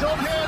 Don't here.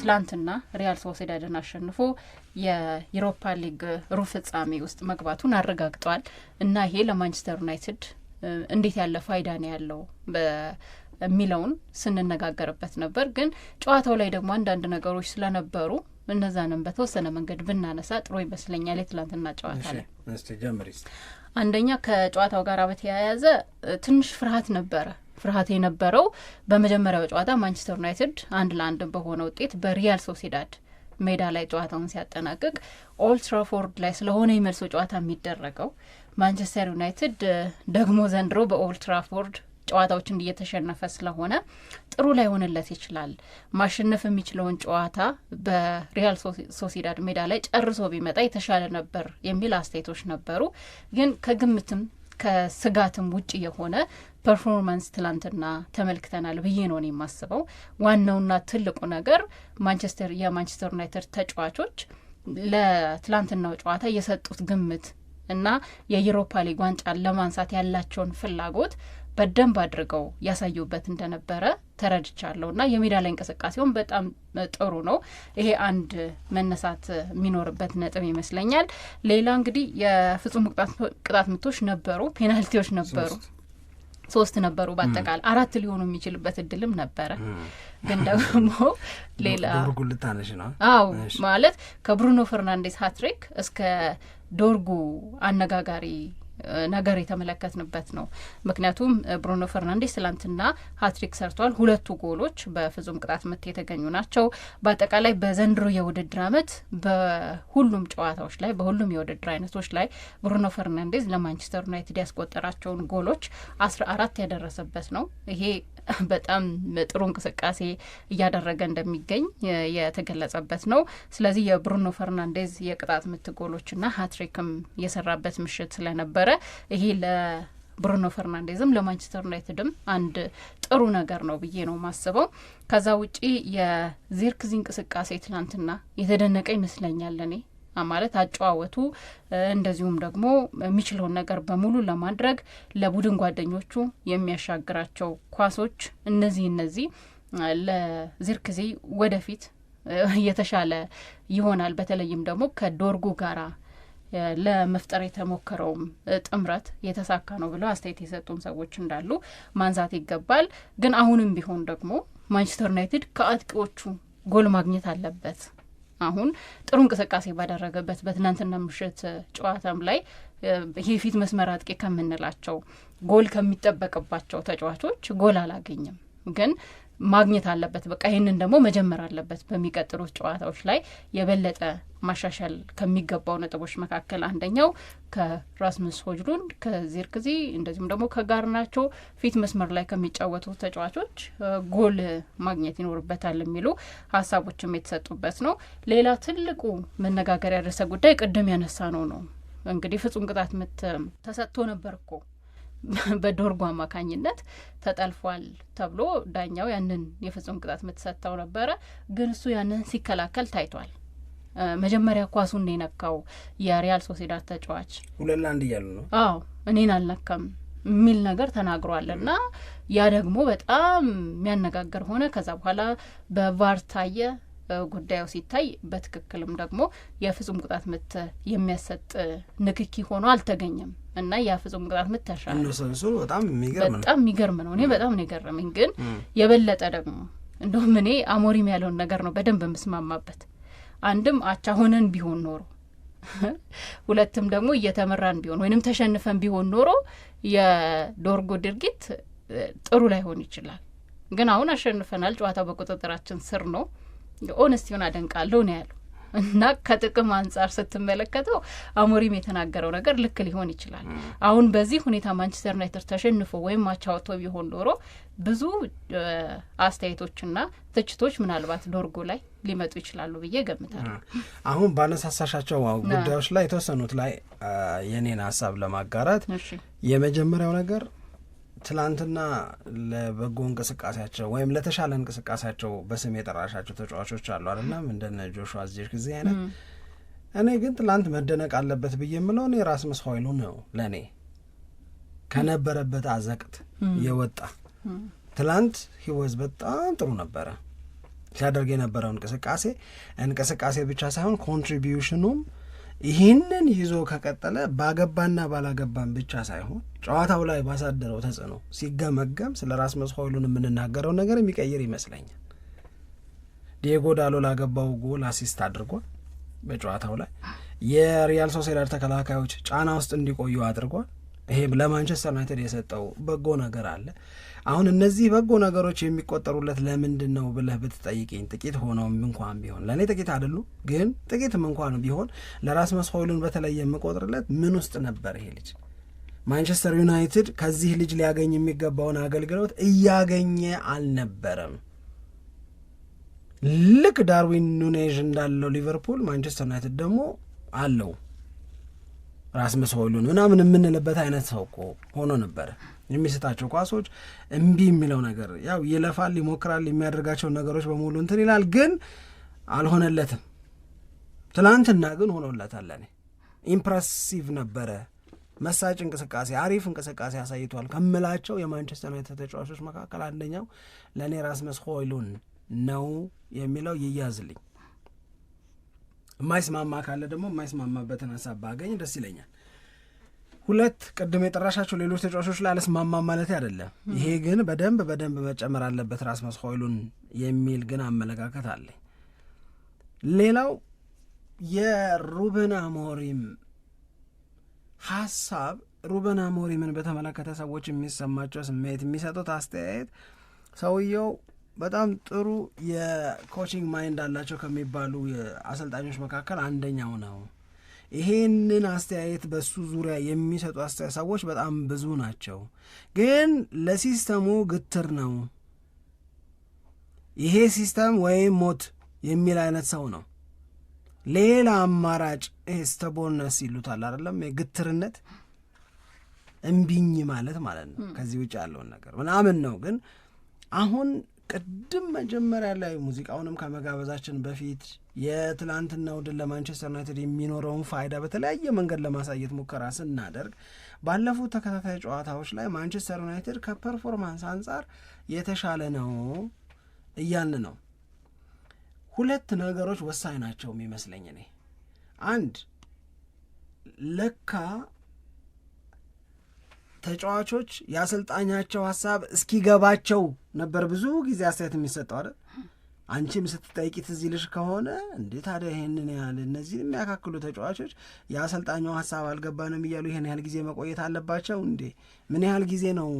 ትላንትና ሪያል ሶሴዳድን አሸንፎ የዩሮፓ ሊግ ሩብ ፍጻሜ ውስጥ መግባቱን አረጋግጧል እና ይሄ ለማንቸስተር ዩናይትድ እንዴት ያለ ፋይዳ ነው ያለው የሚለውን ስንነጋገርበት ነበር። ግን ጨዋታው ላይ ደግሞ አንዳንድ ነገሮች ስለነበሩ እነዛንም በተወሰነ መንገድ ብናነሳ ጥሩ ይመስለኛል። የትላንትና ጨዋታ ላይ አንደኛ ከጨዋታው ጋር በተያያዘ ትንሽ ፍርሃት ነበረ ፍርሃት የነበረው በመጀመሪያው ጨዋታ ማንቸስተር ዩናይትድ አንድ ለአንድ በሆነ ውጤት በሪያል ሶሲዳድ ሜዳ ላይ ጨዋታውን ሲያጠናቅቅ ኦልትራፎርድ ላይ ስለሆነ የመልሶ ጨዋታ የሚደረገው ማንቸስተር ዩናይትድ ደግሞ ዘንድሮ በኦልትራፎርድ ጨዋታዎችን እየተሸነፈ ስለሆነ ጥሩ ላይሆንለት ይችላል። ማሸነፍ የሚችለውን ጨዋታ በሪያል ሶሲዳድ ሜዳ ላይ ጨርሶ ቢመጣ የተሻለ ነበር የሚል አስተያየቶች ነበሩ። ግን ከግምትም ከስጋትም ውጭ የሆነ ፐርፎርማንስ ትላንትና ተመልክተናል ብዬ ነው እኔ የማስበው። ዋናውና ትልቁ ነገር ማንቸስተር የማንቸስተር ዩናይትድ ተጫዋቾች ለትላንትናው ጨዋታ የሰጡት ግምት እና የዩሮፓ ሊግ ዋንጫን ለማንሳት ያላቸውን ፍላጎት በደንብ አድርገው ያሳዩበት እንደነበረ ተረድቻለሁ እና የሜዳ ላይ እንቅስቃሴውን በጣም ጥሩ ነው። ይሄ አንድ መነሳት የሚኖርበት ነጥብ ይመስለኛል። ሌላ እንግዲህ የፍጹም ቅጣት ምቶች ነበሩ፣ ፔናልቲዎች ነበሩ ሶስት ነበሩ በአጠቃላይ አራት ሊሆኑ የሚችልበት እድልም ነበረ። ግን ደግሞ ሌላ ነው። አዎ ማለት ከብሩኖ ፈርናንዴስ ሀትሪክ እስከ ዶርጉ አነጋጋሪ ነገር የተመለከትንበት ነው። ምክንያቱም ብሩኖ ፈርናንዴስ ትላንትና ሀትሪክ ሰርቷል። ሁለቱ ጎሎች በፍጹም ቅጣት ምት የተገኙ ናቸው። በአጠቃላይ በዘንድሮ የውድድር ዓመት በሁሉም ጨዋታዎች ላይ በሁሉም የውድድር አይነቶች ላይ ብሩኖ ፈርናንዴዝ ለማንቸስተር ዩናይትድ ያስቆጠራቸውን ጎሎች አስራ አራት ያደረሰበት ነው። ይሄ በጣም ጥሩ እንቅስቃሴ እያደረገ እንደሚገኝ የተገለጸበት ነው። ስለዚህ የብሩኖ ፈርናንዴዝ የቅጣት ምት ጎሎችና ሀትሪክም የሰራበት ምሽት ስለነበረ ይሄ ብሩኖ ፈርናንዴዝም ለማንቸስተር ዩናይትድም አንድ ጥሩ ነገር ነው ብዬ ነው ማስበው። ከዛ ውጪ የዚርክዚ እንቅስቃሴ ትናንትና የተደነቀ ይመስለኛል እኔ ማለት አጨዋወቱ እንደዚሁም ደግሞ የሚችለውን ነገር በሙሉ ለማድረግ ለቡድን ጓደኞቹ የሚያሻግራቸው ኳሶች እነዚህ እነዚህ ለዚርክዜ ወደፊት የተሻለ ይሆናል። በተለይም ደግሞ ከዶርጉ ጋራ ለመፍጠር የተሞከረውም ጥምረት የተሳካ ነው ብለው አስተያየት የሰጡን ሰዎች እንዳሉ ማንሳት ይገባል። ግን አሁንም ቢሆን ደግሞ ማንቸስተር ዩናይትድ ከአጥቂዎቹ ጎል ማግኘት አለበት። አሁን ጥሩ እንቅስቃሴ ባደረገበት በትናንትና ምሽት ጨዋታም ላይ የፊት መስመር አጥቂ ከምንላቸው ጎል ከሚጠበቅባቸው ተጫዋቾች ጎል አላገኘም ግን ማግኘት አለበት። በቃ ይህንን ደግሞ መጀመር አለበት። በሚቀጥሉት ጨዋታዎች ላይ የበለጠ ማሻሻል ከሚገባው ነጥቦች መካከል አንደኛው ከራስምስ ሆጅሉንድ ከዚርክዚ እንደዚሁም ደግሞ ናቸው ፊት መስመር ላይ ከሚጫወቱ ተጫዋቾች ጎል ማግኘት ይኖርበታል የሚሉ ሀሳቦችም የተሰጡበት ነው። ሌላ ትልቁ መነጋገር ያደረሰ ጉዳይ ቅድም ያነሳ ነው ነው እንግዲህ ፍጹም ቅጣት ምት ተሰጥቶ ነበር እኮ በዶርጎ አማካኝነት ተጠልፏል ተብሎ ዳኛው ያንን የፍጹም ቅጣት የምትሰጠው ነበረ። ግን እሱ ያንን ሲከላከል ታይቷል። መጀመሪያ ኳሱን ነው የነካው የሪያል ሶሴዳድ ተጫዋች። ሁለት ለአንድ እያሉ ነው። አዎ እኔን አልነካም የሚል ነገር ተናግሯል እና ያ ደግሞ በጣም የሚያነጋግር ሆነ። ከዛ በኋላ በቫር ታየ። ጉዳዩ ሲታይ በትክክልም ደግሞ የፍጹም ቅጣት ምት የሚያሰጥ ንክኪ ሆኖ አልተገኘም እና የፍጹም ቅጣት ምት ተሻለ። በጣም የሚገርም ነው። እኔ በጣም ነው የገረመኝ። ግን የበለጠ ደግሞ እንደውም እኔ አሞሪም ያለውን ነገር ነው በደንብ የምስማማበት። አንድም አቻ ሆነን ቢሆን ኖሮ ሁለትም ደግሞ እየተመራን ቢሆን ወይንም ተሸንፈን ቢሆን ኖሮ የዶርጎ ድርጊት ጥሩ ላይሆን ይችላል። ግን አሁን አሸንፈናል። ጨዋታው በቁጥጥራችን ስር ነው። ኦነስቲውን አደንቃለሁ ነው ያለው እና ከጥቅም አንጻር ስትመለከተው አሞሪም የተናገረው ነገር ልክ ሊሆን ይችላል። አሁን በዚህ ሁኔታ ማንቸስተር ዩናይትድ ተሸንፎ ወይም አቻ ወጥቶ ቢሆን ኖሮ ብዙ አስተያየቶችና ትችቶች ምናልባት ዶርጎ ላይ ሊመጡ ይችላሉ ብዬ ገምታለሁ። አሁን ባነሳሳሻቸው ጉዳዮች ላይ የተወሰኑት ላይ የኔን ሀሳብ ለማጋራት የመጀመሪያው ነገር ትላንትና ለበጎ እንቅስቃሴያቸው ወይም ለተሻለ እንቅስቃሴያቸው በስም የጠራሻቸው ተጫዋቾች አሉ አይደለም? እንደነ ጆሹዋ ዚር ጊዜ አይነት። እኔ ግን ትላንት መደነቅ አለበት ብዬ የምለው እኔ ራስመስ ሆይሉ ነው። ለእኔ ከነበረበት አዘቅት የወጣ ትላንት ሂወዝ በጣም ጥሩ ነበረ ሲያደርግ የነበረው እንቅስቃሴ እንቅስቃሴ ብቻ ሳይሆን ኮንትሪቢዩሽኑም ይህንን ይዞ ከቀጠለ ባገባና ባላገባን ብቻ ሳይሆን ጨዋታው ላይ ባሳደረው ተጽዕኖ ሲገመገም ስለ ራስመስ ሆይሉንድ የምንናገረው ነገር የሚቀይር ይመስለኛል። ዲየጎ ዳሎ ላገባው ጎል አሲስት አድርጓል። በጨዋታው ላይ የሪያል ሶሴዳድ ተከላካዮች ጫና ውስጥ እንዲቆዩ አድርጓል። ይሄም ለማንቸስተር ዩናይትድ የሰጠው በጎ ነገር አለ። አሁን እነዚህ በጎ ነገሮች የሚቆጠሩለት ለምንድን ነው ብለህ ብትጠይቅኝ ጥቂት ሆነውም እንኳን ቢሆን ለእኔ ጥቂት አይደሉ፣ ግን ጥቂትም እንኳን ቢሆን ለራስመስ ሆይሉንድ በተለይ የምቆጥርለት ምን ውስጥ ነበር ይሄ ልጅ? ማንቸስተር ዩናይትድ ከዚህ ልጅ ሊያገኝ የሚገባውን አገልግሎት እያገኘ አልነበረም። ልክ ዳርዊን ኑኔዥ እንዳለው ሊቨርፑል ማንቸስተር ዩናይትድ ደግሞ አለው። ራስመስ ሆይሉንድ ምናምን የምንልበት አይነት ሰው እኮ ሆኖ ነበረ። የሚስጣቸው ኳሶች እምቢ የሚለው ነገር ያው ይለፋል፣ ይሞክራል፣ የሚያደርጋቸውን ነገሮች በሙሉ እንትን ይላል፣ ግን አልሆነለትም። ትናንትና ግን ሆኖለታል። ለኔ ኢምፕሬሲቭ ነበረ። መሳጭ እንቅስቃሴ፣ አሪፍ እንቅስቃሴ አሳይቷል ከምላቸው የማንቸስተር ዩናይትድ ተጫዋቾች መካከል አንደኛው ለእኔ ራስመስ ሆይሉንድ ነው የሚለው ይያዝልኝ። የማይስማማ ካለ ደግሞ የማይስማማበትን ሀሳብ ባገኝ ደስ ይለኛል። ሁለት ቅድም የጠራሻቸው ሌሎች ተጫዋቾች ላይ አልስማማም ማለት አይደለም። ይሄ ግን በደንብ በደንብ መጨመር አለበት ራስመስ ሆይሉንድ የሚል ግን አመለካከት አለኝ። ሌላው የሩበን አሞሪም ሀሳብ ሩበን አሞሪምን በተመለከተ ሰዎች የሚሰማቸው ስሜት፣ የሚሰጡት አስተያየት ሰውየው በጣም ጥሩ የኮችንግ ማይንድ አላቸው ከሚባሉ አሰልጣኞች መካከል አንደኛው ነው ይሄንን አስተያየት በሱ ዙሪያ የሚሰጡ አስተያየት ሰዎች በጣም ብዙ ናቸው። ግን ለሲስተሙ ግትር ነው፣ ይሄ ሲስተም ወይም ሞት የሚል አይነት ሰው ነው። ሌላ አማራጭ ስተቦነስ ይሉታል አይደለም? ግትርነት እምቢኝ ማለት ማለት ነው። ከዚህ ውጭ ያለውን ነገር ምናምን ነው። ግን አሁን ቅድም መጀመሪያ ላይ ሙዚቃውንም ከመጋበዛችን በፊት የትላንትናው ድል ለማንቸስተር ዩናይትድ የሚኖረውን ፋይዳ በተለያየ መንገድ ለማሳየት ሙከራ ስናደርግ ባለፉት ተከታታይ ጨዋታዎች ላይ ማንቸስተር ዩናይትድ ከፐርፎርማንስ አንጻር የተሻለ ነው እያልን ነው። ሁለት ነገሮች ወሳኝ ናቸው የሚመስለኝ እኔ። አንድ ለካ ተጫዋቾች የአሰልጣኛቸው ሀሳብ እስኪገባቸው ነበር ብዙ ጊዜ አስተያየት የሚሰጠው አይደል አንቺም ስትጠይቂ ትዝ ይልሽ ከሆነ እንዴ ታዲያ ይህንን ያህል እነዚህን የሚያካክሉ ተጫዋቾች የአሰልጣኙ ሀሳብ አልገባንም እያሉ ይህን ያህል ጊዜ መቆየት አለባቸው እንዴ? ምን ያህል ጊዜ ነው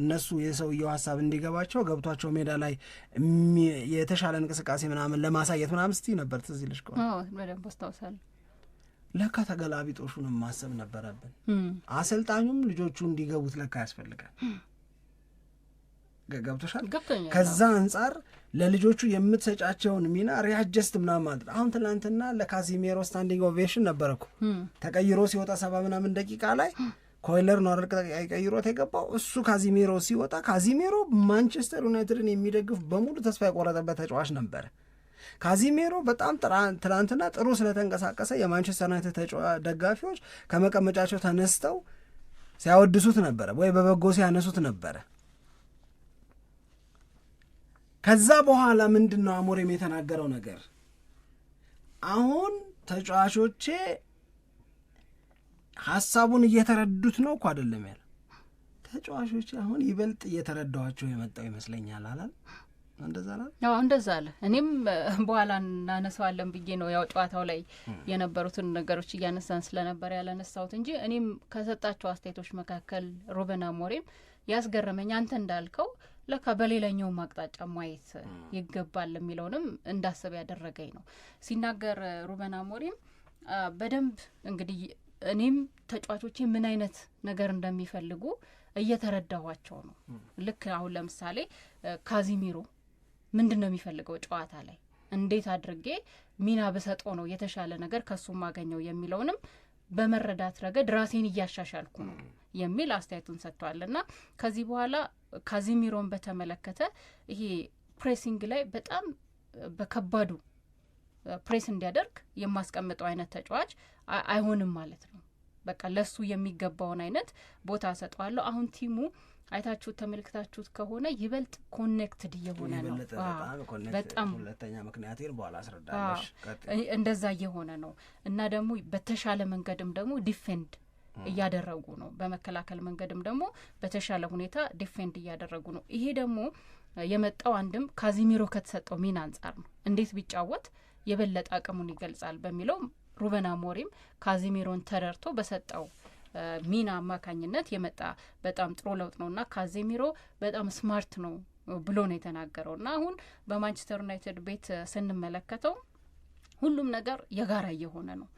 እነሱ የሰውየው ሀሳብ እንዲገባቸው ገብቷቸው ሜዳ ላይ የተሻለ እንቅስቃሴ ምናምን ለማሳየት ምናምን ስቲ ነበር ትዝ ይልሽ ከሆነ በደንብ ለካ ተገላቢጦሹንም ማሰብ ነበረብን። አሰልጣኙም ልጆቹ እንዲገቡት ለካ ያስፈልጋል። ገብቶሻል። ከዛ አንጻር ለልጆቹ የምትሰጫቸውን ሚና ሪያጀስት ምናምን ማለት አሁን ትናንትና ለካዚሜሮ ስታንዲንግ ኦቬሽን ነበረ እኮ ተቀይሮ ሲወጣ ሰባ ምናምን ደቂቃ ላይ ኮይለር ነው አደርቅ ቀይሮት የገባው እሱ ካዚሜሮ ሲወጣ ካዚሜሮ ማንቸስተር ዩናይትድን የሚደግፍ በሙሉ ተስፋ የቆረጠበት ተጫዋች ነበረ። ካዚሜሮ በጣም ትናንትና ጥሩ ስለተንቀሳቀሰ የማንቸስተር ዩናይትድ ደጋፊዎች ከመቀመጫቸው ተነስተው ሲያወድሱት ነበረ ወይ በበጎ ሲያነሱት ነበረ። ከዛ በኋላ ምንድን ነው አሞሪም የተናገረው ነገር? አሁን ተጫዋቾቼ ሀሳቡን እየተረዱት ነው እኮ አይደለም ያለ ተጫዋቾቼ አሁን ይበልጥ እየተረዳኋቸው የመጣው ይመስለኛል አላል እንደዛ እንደዛ አለ። እኔም በኋላ እናነሳዋለን ብዬ ነው ያው ጨዋታው ላይ የነበሩትን ነገሮች እያነሳን ስለነበር ያላነሳሁት እንጂ እኔም ከሰጣቸው አስተያየቶች መካከል ሩበን አሞሪም ያስገረመኝ አንተ እንዳልከው ለካ በሌላኛውም አቅጣጫ ማየት ይገባል የሚለውንም እንዳስብ ያደረገኝ ነው ሲናገር ሩበን አሞሪም በደንብ እንግዲህ እኔም ተጫዋቾቼ ምን አይነት ነገር እንደሚፈልጉ እየተረዳኋቸው ነው። ልክ አሁን ለምሳሌ ካዚሚሮ ምንድን ነው የሚፈልገው ጨዋታ ላይ እንዴት አድርጌ ሚና ብሰጠው ነው የተሻለ ነገር ከሱ ማገኘው የሚለውንም በመረዳት ረገድ ራሴን እያሻሻልኩ ነው የሚል አስተያየቱን ሰጥቷል እና ከዚህ በኋላ ካዚሚሮን በተመለከተ ይሄ ፕሬሲንግ ላይ በጣም በከባዱ ፕሬስ እንዲያደርግ የማስቀምጠው አይነት ተጫዋች አይሆንም ማለት ነው። በቃ ለሱ የሚገባውን አይነት ቦታ ሰጠዋለሁ። አሁን ቲሙ አይታችሁት ተመልክታችሁት ከሆነ ይበልጥ ኮኔክትድ እየሆነ ነው። በጣም ሁለተኛ ምክንያት ግን በኋላ አስረዳለሽ። እንደዛ እየሆነ ነው እና ደግሞ በተሻለ መንገድም ደግሞ ዲፌንድ እያደረጉ ነው። በመከላከል መንገድም ደግሞ በተሻለ ሁኔታ ዲፌንድ እያደረጉ ነው። ይሄ ደግሞ የመጣው አንድም ካዚሚሮ ከተሰጠው ሚና አንጻር ነው። እንዴት ቢጫወት የበለጠ አቅሙን ይገልጻል በሚለው ሩበን አሞሪም ካዚሚሮን ተረድቶ በሰጠው ሚና አማካኝነት የመጣ በጣም ጥሩ ለውጥ ነው እና ካዚሚሮ በጣም ስማርት ነው ብሎ ነው የተናገረው እና አሁን በማንቸስተር ዩናይትድ ቤት ስንመለከተው ሁሉም ነገር የጋራ እየሆነ ነው።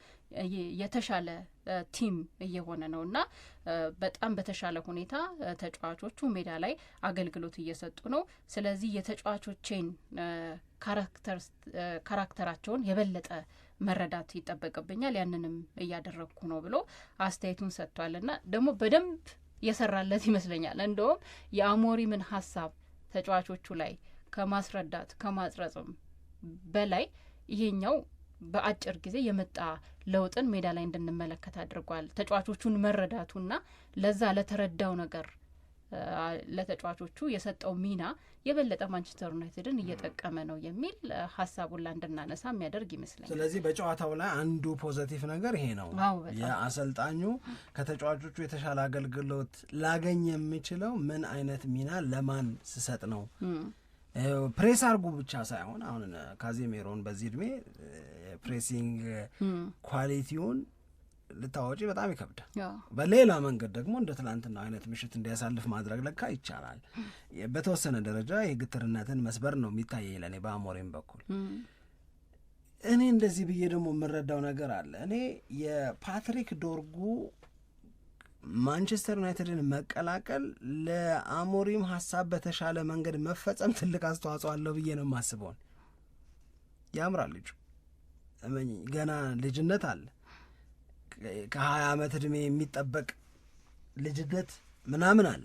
የተሻለ ቲም እየሆነ ነው እና በጣም በተሻለ ሁኔታ ተጫዋቾቹ ሜዳ ላይ አገልግሎት እየሰጡ ነው። ስለዚህ የተጫዋቾቼን ካራክተራቸውን የበለጠ መረዳት ይጠበቅብኛል፣ ያንንም እያደረግኩ ነው ብሎ አስተያየቱን ሰጥቷል እና ደግሞ በደንብ የሰራለት ይመስለኛል። እንደውም የአሞሪምን ሀሳብ ተጫዋቾቹ ላይ ከማስረዳት ከማጽረጽም በላይ ይሄኛው በአጭር ጊዜ የመጣ ለውጥን ሜዳ ላይ እንድንመለከት አድርጓል። ተጫዋቾቹን መረዳቱና ለዛ ለተረዳው ነገር ለተጫዋቾቹ የሰጠው ሚና የበለጠ ማንቸስተር ዩናይትድን እየጠቀመ ነው የሚል ሀሳቡን እንድናነሳ የሚያደርግ ይመስለኛል። ስለዚህ በጨዋታው ላይ አንዱ ፖዘቲቭ ነገር ይሄ ነው። የአሰልጣኙ ከተጫዋቾቹ የተሻለ አገልግሎት ላገኝ የምችለው ምን አይነት ሚና ለማን ስሰጥ ነው ፕሬስ አርጉ ብቻ ሳይሆን አሁን ካዜሜሮን በዚህ እድሜ የፕሬሲንግ ኳሊቲውን ልታወጪ በጣም ይከብዳል። በሌላ መንገድ ደግሞ እንደ ትናንትና አይነት ምሽት እንዲያሳልፍ ማድረግ ለካ ይቻላል። በተወሰነ ደረጃ የግትርነትን መስበር ነው የሚታየኝ ለእኔ በአሞሪም በኩል እኔ እንደዚህ ብዬ ደግሞ የምረዳው ነገር አለ። እኔ የፓትሪክ ዶርጉ ማንቸስተር ዩናይትድን መቀላቀል ለአሞሪም ሀሳብ በተሻለ መንገድ መፈጸም ትልቅ አስተዋጽኦ አለው ብዬ ነው የማስበውን። ያምራል ልጁ ገና ልጅነት አለ። ከሀያ ዓመት ዕድሜ የሚጠበቅ ልጅነት ምናምን አለ።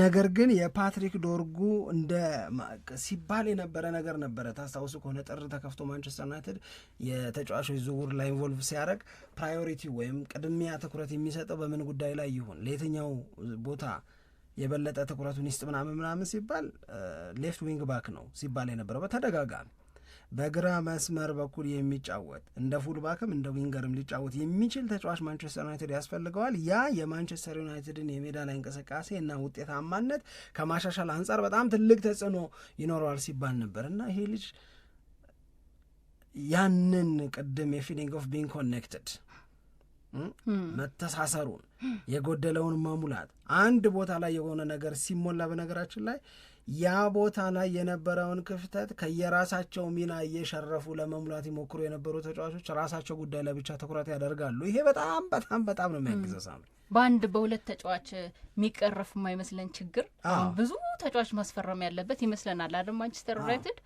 ነገር ግን የፓትሪክ ዶርጉ እንደ ሲባል የነበረ ነገር ነበረ። ታስታውሱ ከሆነ ጥር ተከፍቶ ማንቸስተር ዩናይትድ የተጫዋቾች ዝውውር ላይ ኢንቮልቭ ሲያደርግ ፕራዮሪቲ ወይም ቅድሚያ ትኩረት የሚሰጠው በምን ጉዳይ ላይ ይሁን ለየትኛው ቦታ የበለጠ ትኩረቱን ይስጥ ምናምን ምናምን ሲባል ሌፍት ዊንግ ባክ ነው ሲባል የነበረው በተደጋጋሚ በግራ መስመር በኩል የሚጫወት እንደ ፉልባክም እንደ ዊንገርም ሊጫወት የሚችል ተጫዋች ማንቸስተር ዩናይትድ ያስፈልገዋል። ያ የማንቸስተር ዩናይትድን የሜዳ ላይ እንቅስቃሴ እና ውጤታማነት ከማሻሻል አንጻር በጣም ትልቅ ተጽዕኖ ይኖረዋል ሲባል ነበር እና ይሄ ልጅ ያንን ቅድም የፊሊንግ ኦፍ ቢንግ ኮኔክትድ መተሳሰሩን የጎደለውን መሙላት አንድ ቦታ ላይ የሆነ ነገር ሲሞላ በነገራችን ላይ ያ ቦታ ላይ የነበረውን ክፍተት ከየራሳቸው ሚና እየሸረፉ ለመሙላት ይሞክሩ የነበሩ ተጫዋቾች ራሳቸው ጉዳይ ላይ ብቻ ትኩረት ያደርጋሉ። ይሄ በጣም በጣም በጣም ነው የሚያግዘ ሳሚ። በአንድ በሁለት ተጫዋች የሚቀረፍ የማይመስለን ችግር ብዙ ተጫዋች ማስፈረም ያለበት ይመስለናል አይደል? ማንቸስተር ዩናይትድ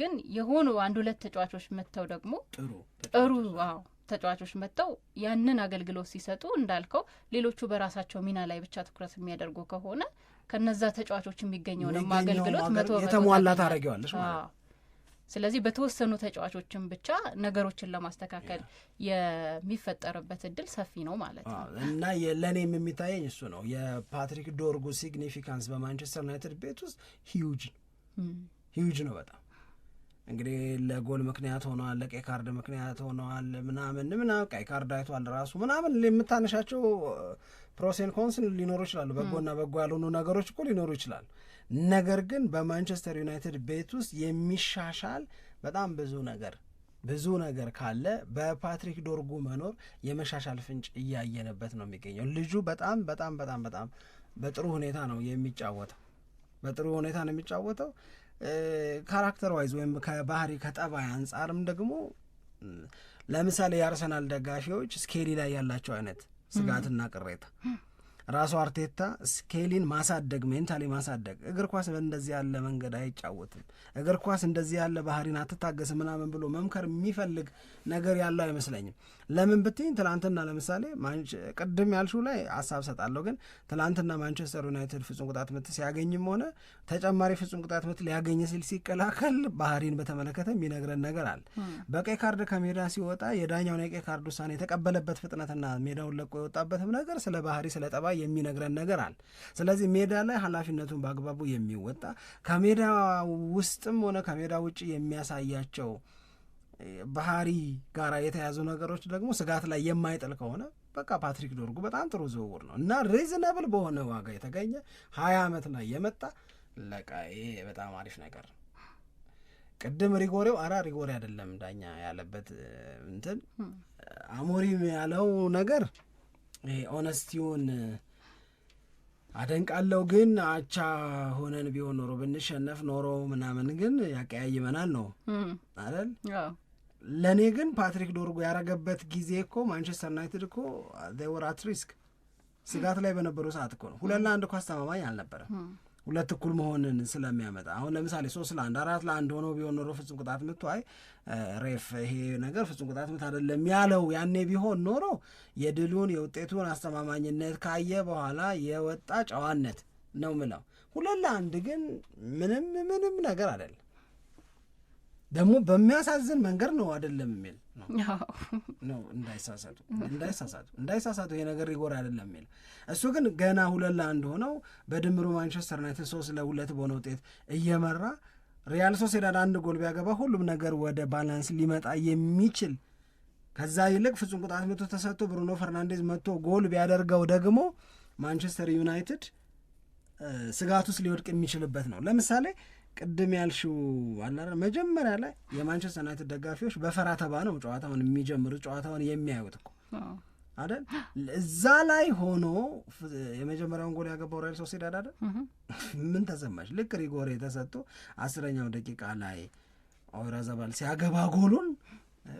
ግን የሆኑ አንድ ሁለት ተጫዋቾች መጥተው ደግሞ ጥሩ ጥሩ አዎ ተጫዋቾች መጥተው ያንን አገልግሎት ሲሰጡ እንዳልከው ሌሎቹ በራሳቸው ሚና ላይ ብቻ ትኩረት የሚያደርጉ ከሆነ ከነዛ ተጫዋቾች የሚገኘው ነው አገልግሎት መቶ የተሟላ ታደረጊዋለች ማለት ስለዚህ በተወሰኑ ተጫዋቾችን ብቻ ነገሮችን ለማስተካከል የሚፈጠርበት እድል ሰፊ ነው ማለት ነው እና ለእኔም የሚታየኝ እሱ ነው። የፓትሪክ ዶርጉ ሲግኒፊካንስ በማንቸስተር ዩናይትድ ቤት ውስጥ ሂዩጅ ሂዩጅ ነው በጣም እንግዲህ ለጎል ምክንያት ሆነዋል፣ ለቀይ ካርድ ምክንያት ሆነዋል ምናምን ምናምን ቀይ ካርድ አይቷል ራሱ ምናምን የምታነሻቸው ፕሮሴን ኮንስን ሊኖሩ ይችላሉ። በጎና በጎ ያልሆኑ ነገሮች እኮ ሊኖሩ ይችላል። ነገር ግን በማንቸስተር ዩናይትድ ቤት ውስጥ የሚሻሻል በጣም ብዙ ነገር ብዙ ነገር ካለ በፓትሪክ ዶርጉ መኖር የመሻሻል ፍንጭ እያየንበት ነው የሚገኘው። ልጁ በጣም በጣም በጣም በጣም በጥሩ ሁኔታ ነው የሚጫወተው። በጥሩ ሁኔታ ነው የሚጫወተው። ካራክተር ዋይዝ ወይም ከባህሪ ከጠባይ አንጻርም ደግሞ ለምሳሌ የአርሰናል ደጋፊዎች ስኬሊ ላይ ያላቸው አይነት ስጋትና ቅሬታ ራሱ አርቴታ ስኬሊን ማሳደግ ሜንታሊ ማሳደግ እግር ኳስ እንደዚህ ያለ መንገድ አይጫወትም፣ እግር ኳስ እንደዚህ ያለ ባህሪን አትታገስም ምናምን ብሎ መምከር የሚፈልግ ነገር ያለው አይመስለኝም። ለምን ብትኝ ትላንትና ለምሳሌ ቅድም ያልሹ ላይ ሀሳብ ሰጣለሁ፣ ግን ትላንትና ማንቸስተር ዩናይትድ ፍጹም ቅጣት ምት ሲያገኝም ሆነ ተጨማሪ ፍጹም ቅጣት ምት ሊያገኝ ሲል ሲቀላቀል ባህሪን በተመለከተ የሚነግረን ነገር አለ። በቀይ ካርድ ከሜዳ ሲወጣ የዳኛውን የቀይ ካርድ ውሳኔ የተቀበለበት ፍጥነትና ሜዳውን ለቆ የወጣበትም ነገር ስለ ባህሪ ስለ ጠባይ የሚነግረን ነገር አለ። ስለዚህ ሜዳ ላይ ኃላፊነቱን በአግባቡ የሚወጣ ከሜዳ ውስጥም ሆነ ከሜዳ ውጭ የሚያሳያቸው ባህሪ ጋር የተያዙ ነገሮች ደግሞ ስጋት ላይ የማይጥል ከሆነ በቃ ፓትሪክ ዶርጉ በጣም ጥሩ ዝውውር ነው እና ሪዝነብል በሆነ ዋጋ የተገኘ ሀያ ዓመት ላይ የመጣ ለቃ ይሄ በጣም አሪፍ ነገር ነው። ቅድም ሪጎሬው አራ ሪጎሬ አይደለም ዳኛ ያለበት እንትን አሞሪም ያለው ነገር ኦነስቲውን አደንቃለሁ ግን አቻ ሆነን ቢሆን ኖሮ ብንሸነፍ ኖሮ ምናምን ግን ያቀያይመናል ነው አይደል? ለእኔ ግን ፓትሪክ ዶርጎ ያረገበት ጊዜ እኮ ማንቸስተር ዩናይትድ እኮ ወር አት ሪስክ ስጋት ላይ በነበረው ሰዓት እኮ ነው። ሁለት ለአንድ እኮ አስተማማኝ አልነበረም። ሁለት እኩል መሆንን ስለሚያመጣ አሁን ለምሳሌ ሶስት ለአንድ አራት ለአንድ ሆኖ ቢሆን ኖሮ ፍጹም ቅጣት ምቱ አይ ሬፍ ይሄ ነገር ፍጹም ቅጣት ምት አይደለም ያለው ያኔ ቢሆን ኖሮ የድሉን የውጤቱን አስተማማኝነት ካየ በኋላ የወጣ ጨዋነት ነው ምለው። ሁለት ለአንድ ግን ምንም ምንም ነገር አይደለም። ደግሞ በሚያሳዝን መንገድ ነው አይደለም የሚል ነው። እንዳይሳሳቱ እንዳይሳሳቱ እንዳይሳሳቱ ይሄ ነገር ሪጎር አይደለም የሚል እሱ ግን ገና ሁለት ለአንድ ሆነው በድምሩ ማንቸስተር ዩናይትድ ሶስት ለሁለት በሆነ ውጤት እየመራ ሪያል ሶሴዳድ አንድ ጎል ቢያገባ ሁሉም ነገር ወደ ባላንስ ሊመጣ የሚችል ከዛ ይልቅ ፍጹም ቅጣት ምቱ ተሰጥቶ ብሩኖ ፈርናንዴዝ መጥቶ ጎል ቢያደርገው ደግሞ ማንቸስተር ዩናይትድ ስጋት ውስጥ ሊወድቅ የሚችልበት ነው። ለምሳሌ ቅድም ያልሽው አላረ መጀመሪያ ላይ የማንቸስተር ዩናይትድ ደጋፊዎች በፈራ ተባ ነው ጨዋታውን የሚጀምሩት ጨዋታውን የሚያዩት እኮ አይደል። እዛ ላይ ሆኖ የመጀመሪያውን ጎል ያገባው ሪያል ሶሴዳድ አይደል። ምን ተሰማሽ? ልክ ሪጎሬ የተሰጡ አስረኛው ደቂቃ ላይ ኦይራዘባል ሲያገባ ጎሉን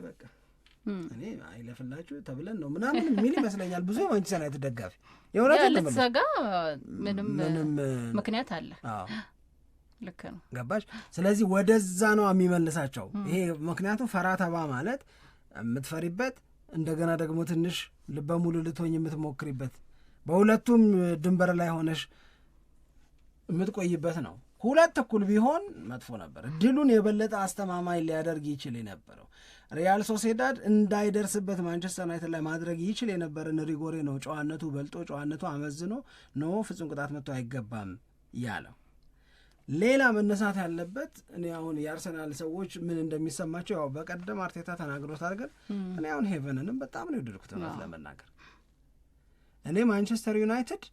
በቃ እኔ አይለፍላችሁ ተብለን ነው ምናምን የሚል ይመስለኛል ብዙ የማንቸስተር ዩናይትድ ደጋፊ የሆነ ልትሰጋ ምንም ምክንያት አለ ልክ ነው ገባሽ ስለዚህ ወደዛ ነው የሚመልሳቸው ይሄ ምክንያቱም ፈራ ተባ ማለት የምትፈሪበት እንደገና ደግሞ ትንሽ በሙሉ ልትሆኝ የምትሞክሪበት በሁለቱም ድንበር ላይ ሆነሽ የምትቆይበት ነው ሁለት እኩል ቢሆን መጥፎ ነበር ድሉን የበለጠ አስተማማኝ ሊያደርግ ይችል የነበረው ሪያል ሶሴዳድ እንዳይደርስበት ማንቸስተር ዩናይትድ ላይ ማድረግ ይችል የነበረን ሪጎሬ ነው ጨዋነቱ በልጦ ጨዋነቱ አመዝኖ ነው ፍጹም ቅጣት መጥቶ አይገባም ያለው ሌላ መነሳት ያለበት እኔ አሁን የአርሰናል ሰዎች ምን እንደሚሰማቸው ያው በቀደም አርቴታ ተናግሮታል። ግን እኔ አሁን ሄቨንንም በጣም ነው የወደድኩት እውነት ለመናገር እኔ ማንቸስተር ዩናይትድ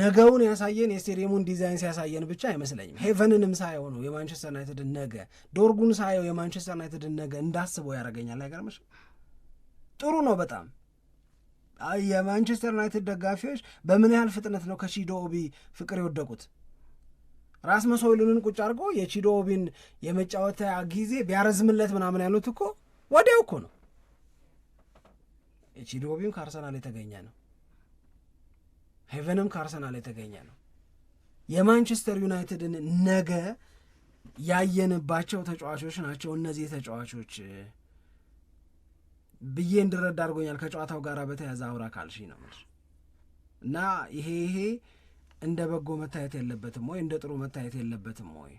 ነገውን ያሳየን የስቴዲየሙን ዲዛይን ሲያሳየን ብቻ አይመስለኝም። ሄቨንንም ሳየው ነው የማንቸስተር ዩናይትድን ነገ፣ ዶርጉን ሳየው የማንቸስተር ዩናይትድን ነገ እንዳስበው ያደርገኛል። አይገርምሽም? ጥሩ ነው በጣም የማንቸስተር ዩናይትድ ደጋፊዎች በምን ያህል ፍጥነት ነው ከቺዶ ኦቢ ፍቅር የወደቁት? ራስመስ ሆይሉንድን ቁጭ አድርጎ የቺዶ ኦቢን የመጫወታ ጊዜ ቢያረዝምለት ምናምን ያሉት እኮ ወዲያው እኮ ነው። የቺዶ ኦቢም ከአርሰናል የተገኘ ነው። ሄቨንም ከአርሰናል የተገኘ ነው። የማንቸስተር ዩናይትድን ነገ ያየንባቸው ተጫዋቾች ናቸው እነዚህ ተጫዋቾች። ብዬ እንድረዳ አድርጎኛል። ከጨዋታው ጋር በተያያዘ አውራ ካልሺ ነው እና ይሄ ይሄ እንደ በጎ መታየት የለበትም ወይ እንደ ጥሩ መታየት የለበትም ወይ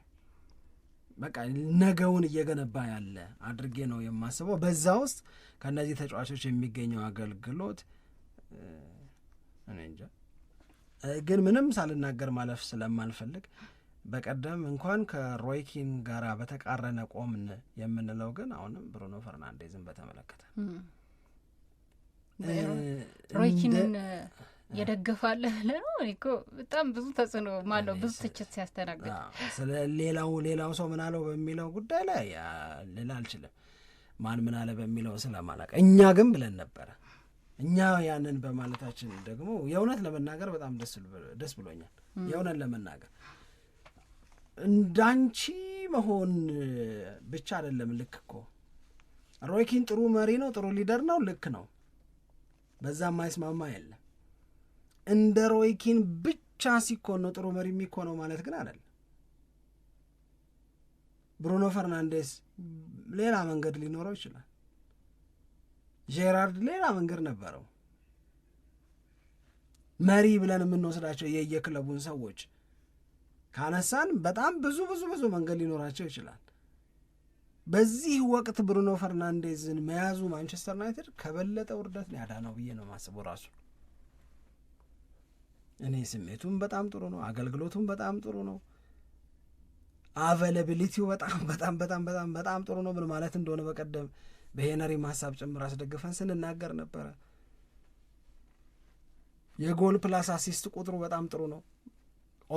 በቃ ነገውን እየገነባ ያለ አድርጌ ነው የማስበው። በዛ ውስጥ ከእነዚህ ተጫዋቾች የሚገኘው አገልግሎት እኔ እንጃ ግን ምንም ሳልናገር ማለፍ ስለማልፈልግ በቀደም እንኳን ከሮይኪን ጋር በተቃረነ ቆምን የምንለው ግን አሁንም ብሩኖ ፈርናንዴዝን በተመለከተ ሮይኪንን የደገፋለ ነው እኮ በጣም ብዙ ተጽዕኖ ማለው ብዙ ትችት ሲያስተናግድ ስለ ሌላው ሌላው ሰው ምናለው በሚለው ጉዳይ ላይ ልል አልችልም። ማን ምናለ በሚለው ስለማላውቅ እኛ ግን ብለን ነበረ። እኛ ያንን በማለታችን ደግሞ የእውነት ለመናገር በጣም ደስ ብሎኛል። የእውነት ለመናገር እንዳንቺ መሆን ብቻ አይደለም። ልክ እኮ ሮይኪን ጥሩ መሪ ነው፣ ጥሩ ሊደር ነው። ልክ ነው። በዛ የማይስማማ የለም። እንደ ሮይኪን ብቻ ሲኮን ነው ጥሩ መሪ የሚኮነው ማለት ግን አይደለም። ብሩኖ ፈርናንዴስ ሌላ መንገድ ሊኖረው ይችላል። ጄራርድ ሌላ መንገድ ነበረው። መሪ ብለን የምንወስዳቸው የየክለቡን ሰዎች ካነሳን በጣም ብዙ ብዙ ብዙ መንገድ ሊኖራቸው ይችላል። በዚህ ወቅት ብሩኖ ፈርናንዴዝን መያዙ ማንቸስተር ዩናይትድ ከበለጠ ውርደት ነው ብዬ ነው ማስቡ ራሱ እኔ ስሜቱም በጣም ጥሩ ነው፣ አገልግሎቱም በጣም ጥሩ ነው፣ አቬለብሊቲው በጣም በጣም በጣም በጣም በጣም ጥሩ ነው። ምን ማለት እንደሆነ በቀደም በሄነሪ ሀሳብ ጭምር አስደግፈን ስንናገር ነበረ። የጎል ፕላስ አሲስት ቁጥሩ በጣም ጥሩ ነው።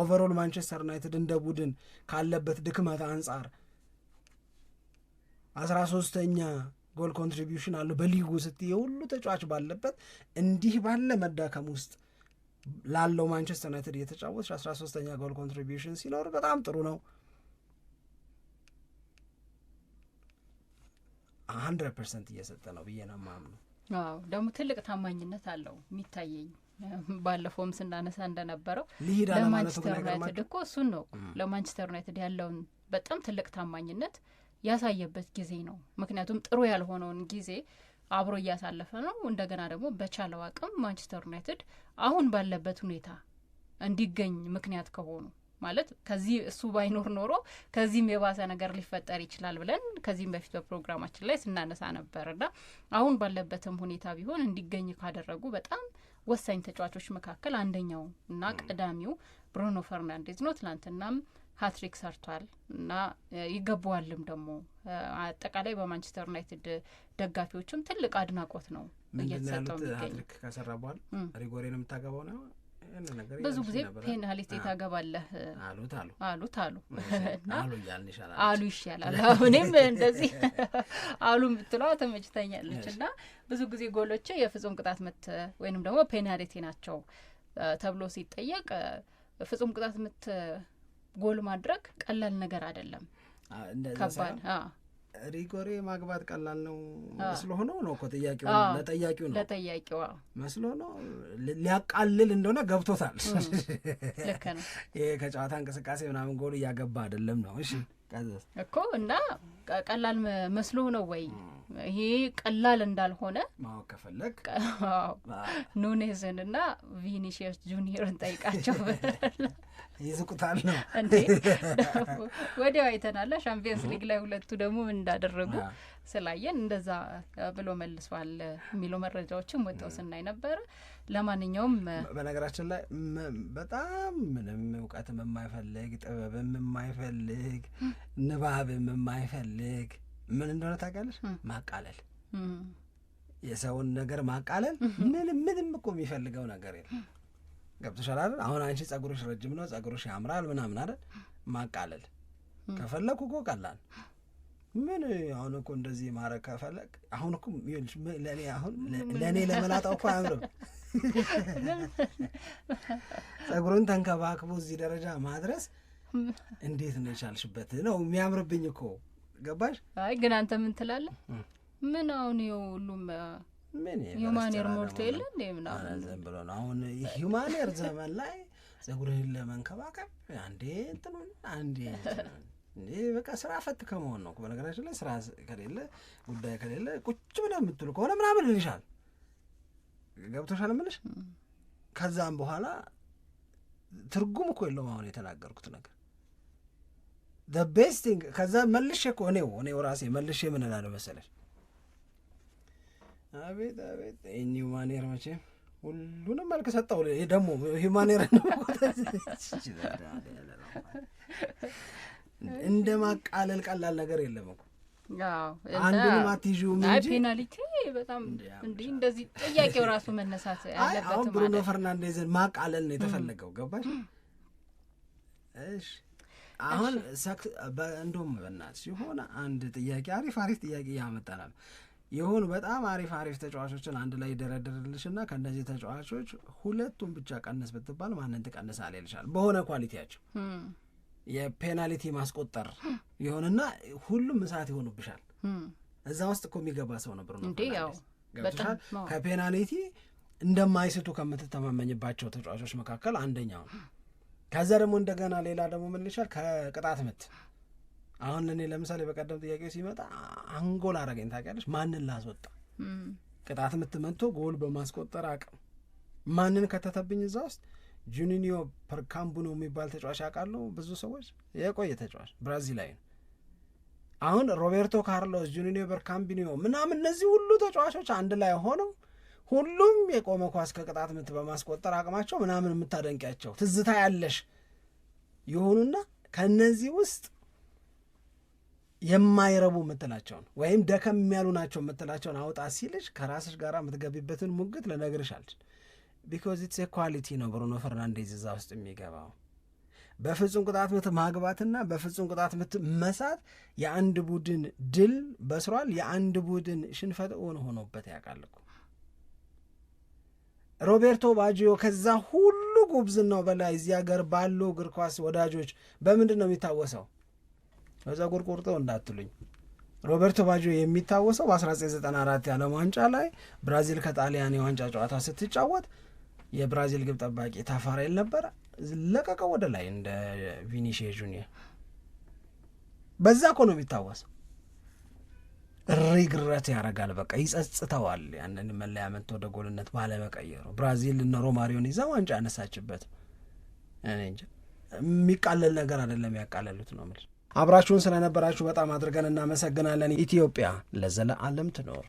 ኦቨሮል ማንቸስተር ዩናይትድ እንደ ቡድን ካለበት ድክመት አንጻር አስራ ሶስተኛ ጎል ኮንትሪቢሽን አለው በሊጉ ስት የሁሉ ተጫዋች ባለበት እንዲህ ባለ መዳከም ውስጥ ላለው ማንቸስተር ዩናይትድ እየተጫወተች አስራ ሶስተኛ ጎል ኮንትሪቢሽን ሲኖር በጣም ጥሩ ነው። ሀንድረድ ፐርሰንት እየሰጠ ነው ብዬ ነው የማምነው። ደግሞ ትልቅ ታማኝነት አለው የሚታየኝ ባለፈውም ስናነሳ እንደነበረው ለማንቸስተር ዩናይትድ እኮ እሱን ነው ለማንቸስተር ዩናይትድ ያለውን በጣም ትልቅ ታማኝነት ያሳየበት ጊዜ ነው። ምክንያቱም ጥሩ ያልሆነውን ጊዜ አብሮ እያሳለፈ ነው። እንደገና ደግሞ በቻለው አቅም ማንቸስተር ዩናይትድ አሁን ባለበት ሁኔታ እንዲገኝ ምክንያት ከሆኑ ማለት ከዚህ እሱ ባይኖር ኖሮ ከዚህም የባሰ ነገር ሊፈጠር ይችላል ብለን ከዚህም በፊት በፕሮግራማችን ላይ ስናነሳ ነበር እና አሁን ባለበትም ሁኔታ ቢሆን እንዲገኝ ካደረጉ በጣም ወሳኝ ተጫዋቾች መካከል አንደኛው እና ቀዳሚው ብሩኖ ፈርናንዴዝ ነው። ትናንትናም ሀትሪክ ሰርቷል እና ይገባዋልም ደግሞ አጠቃላይ በማንቸስተር ዩናይትድ ደጋፊዎችም ትልቅ አድናቆት ነው እየተሰጠው የሚገኝ ከሰራ በኋላ ሪጎሬን የምታገባው ነው ብዙ ጊዜ ፔናልቲ ታገባለህ አሉት አሉ አሉት አሉ አሉ ይሻላል። አሁንም እንደዚህ አሉ የምትለዋ ተመችተኛለች። እና ብዙ ጊዜ ጎሎች የፍጹም ቅጣት ምት ወይንም ደግሞ ፔናልቲ ናቸው ተብሎ ሲጠየቅ ፍጹም ቅጣት ምት ጎል ማድረግ ቀላል ነገር አይደለም፣ ከባድ ሪጎሬ ማግባት ቀላል ነው መስሎ ሆነው ነው እኮ ጥያቄው ለጠያቂው ነው ለጠያቂው መስሎ ነው ሊያቃልል እንደሆነ ገብቶታል። ይሄ ከጨዋታ እንቅስቃሴ ምናምን ጎል እያገባ አይደለም ነው እሺ እኮ እና ቀላል መስሎ ነው ወይ ይሄ ቀላል እንዳልሆነ ማወቅ ከፈለግ ኑኔዝን እና ቪኒሽስ ጁኒየርን ጠይቃቸው። ይዝቁታል ነው እንዴ? ወዲያው አይተናል። ሻምፒየንስ ሊግ ላይ ሁለቱ ደግሞ ምን እንዳደረጉ ስላየን እንደዛ ብሎ መልሷል የሚሉ መረጃዎችም ወጥተው ስናይ ነበረ። ለማንኛውም በነገራችን ላይ በጣም ምንም እውቀትም የማይፈልግ ጥበብም የማይፈልግ ንባብም የማይፈልግ ምን እንደሆነ ታውቂያለሽ? ማቃለል፣ የሰውን ነገር ማቃለል። ምንም ምንም እኮ የሚፈልገው ነገር የለም ገብቶሻል አይደል? አሁን አንቺ ጸጉርሽ ረጅም ነው ጸጉርሽ ያምራል ምናምን አይደል? ማቃለል ከፈለግኩ እኮ ቀላል ምን አሁን እኮ እንደዚህ ማድረግ ከፈለግ አሁን እኮ ለእኔ አሁን ለእኔ ለመላጣው እኮ አያምርም። ጸጉሩን ተንከባክቦ እዚህ ደረጃ ማድረስ እንዴት ነው የቻልሽበት? ነው የሚያምርብኝ እኮ ገባሽ? አይ ግን አንተ ምን ትላለህ? ምን አሁን ይኸው ሁሉም ምን ሁማኔር ሞልቶ የለ እንዴ ምናምን ዝም ብሎ ነው። አሁን ሁማኔር ዘመን ላይ ጸጉርህን ለመንከባከብ አንዴ እንትኑን አንዴ በቃ ስራ ፈት ከመሆን ነው። በነገራችን ላይ ስራ ከሌለ ጉዳይ ከሌለ ቁጭ ብለህ የምትሉ ከሆነ ምናምን ልሻል ገብቶሻል ምልሽ። ከዛም በኋላ ትርጉም እኮ የለውም አሁን የተናገርኩት ነገር ዘ ቤስቲንግ ከዛ መልሼ እኮ እኔው እኔው ራሴ መልሼ ምን እላለሁ መሰለሽ አቤት አቤት ይህን ማኔር መቼም ሁሉንም መልክ ሰጠው። ደግሞ ሂማኔር እንደ ማቃለል ቀላል ነገር የለም እኮ አንዱንም አትይዥው እንጂ ፔናልቲ በጣም እንዲህ እንደዚህ ጥያቄው ራሱ መነሳት ያለበት አሁን ብሩኖ ፈርናንዴዝን ማቃለል ነው የተፈለገው። ገባሽ? እሺ አሁን እንደውም በእናትሽ የሆነ አንድ ጥያቄ አሪፍ አሪፍ ጥያቄ ያመጣናል የሆኑ በጣም አሪፍ አሪፍ ተጫዋቾችን አንድ ላይ ና ከእነዚህ ተጫዋቾች ሁለቱን ብቻ ቀንስ ብትባል ማንን ትቀንሳለህ ይልሻል። በሆነ ኳሊቲያቸው የፔናልቲ ማስቆጠር ይሆንና ሁሉም እሳት ይሆኑብሻል። እዛ ውስጥ እኮ የሚገባ ሰው ነበር ገብቶሻል። ከፔናልቲ እንደማይስቱ ከምትተማመኝባቸው ተጫዋቾች መካከል አንደኛው ነው። ከዛ ደግሞ እንደገና ሌላ ደግሞ ምን ይልሻል ከቅጣት ምት አሁን እኔ ለምሳሌ በቀደም ጥያቄ ሲመጣ አንጎል አረገኝ ታውቂያለሽ። ማንን ላስወጣ ቅጣት የምትመቶ ጎል በማስቆጠር አቅም ማንን ከተተብኝ እዛ ውስጥ ጁኒኒዮ ነው የሚባል ተጫዋች ያውቃሉ ብዙ ሰዎች። የቆየ ተጫዋች ብራዚላዊ ነው። አሁን ሮቤርቶ ካርሎስ፣ ጁኒኒዮ ፐርካምቢኒዮ ምናምን እነዚህ ሁሉ ተጫዋቾች አንድ ላይ ሆነው ሁሉም የቆመ ኳስ ከቅጣት ምት በማስቆጠር አቅማቸው ምናምን የምታደንቂያቸው ትዝታ ያለሽ የሆኑና ከእነዚህ ውስጥ የማይረቡ የምትላቸውን ወይም ደከም ያሉ ናቸው የምትላቸውን አውጣ ሲልሽ ከራስሽ ጋር የምትገቢበትን ሙግት ልነግርሽ አልችል። ቢኮዝ ኢትስ ኳሊቲ ነው ብሩኖ ፈርናንዴዝ እዛ ውስጥ የሚገባው በፍጹም ቅጣት ምት ማግባትና በፍጹም ቅጣት ምት መሳት የአንድ ቡድን ድል በስሯል፣ የአንድ ቡድን ሽንፈት እውን ሆኖበት ያውቃል ሮቤርቶ ባጂዮ ከዛ ሁሉ ጉብዝናው በላይ እዚህ ሀገር ባሉ እግር ኳስ ወዳጆች በምንድን ነው የሚታወሰው? በፀጉር ቆርጠው እንዳትሉኝ ሮበርቶ ባጆ የሚታወሰው በ1994 የዓለም ዋንጫ ላይ ብራዚል ከጣሊያን የዋንጫ ጨዋታ ስትጫወት የብራዚል ግብ ጠባቂ ታፋራይል ነበረ። ለቀቀው ወደ ላይ እንደ ቪኒሽ ጁኒየር በዛ እኮ ነው የሚታወሰው። ሪግረት ያደርጋል። በቃ ይጸጽተዋል፣ ያንን መለያ መጥቶ ወደ ጎልነት ባለመቀየሩ። ብራዚል እነ ሮማሪዮን ይዛ ዋንጫ ያነሳችበት እኔ እንጃ። የሚቃለል ነገር አይደለም፣ ያቃለሉት ነው የምልህ አብራችሁን ስለነበራችሁ በጣም አድርገን እናመሰግናለን። ኢትዮጵያ ለዘለዓለም ትኖር።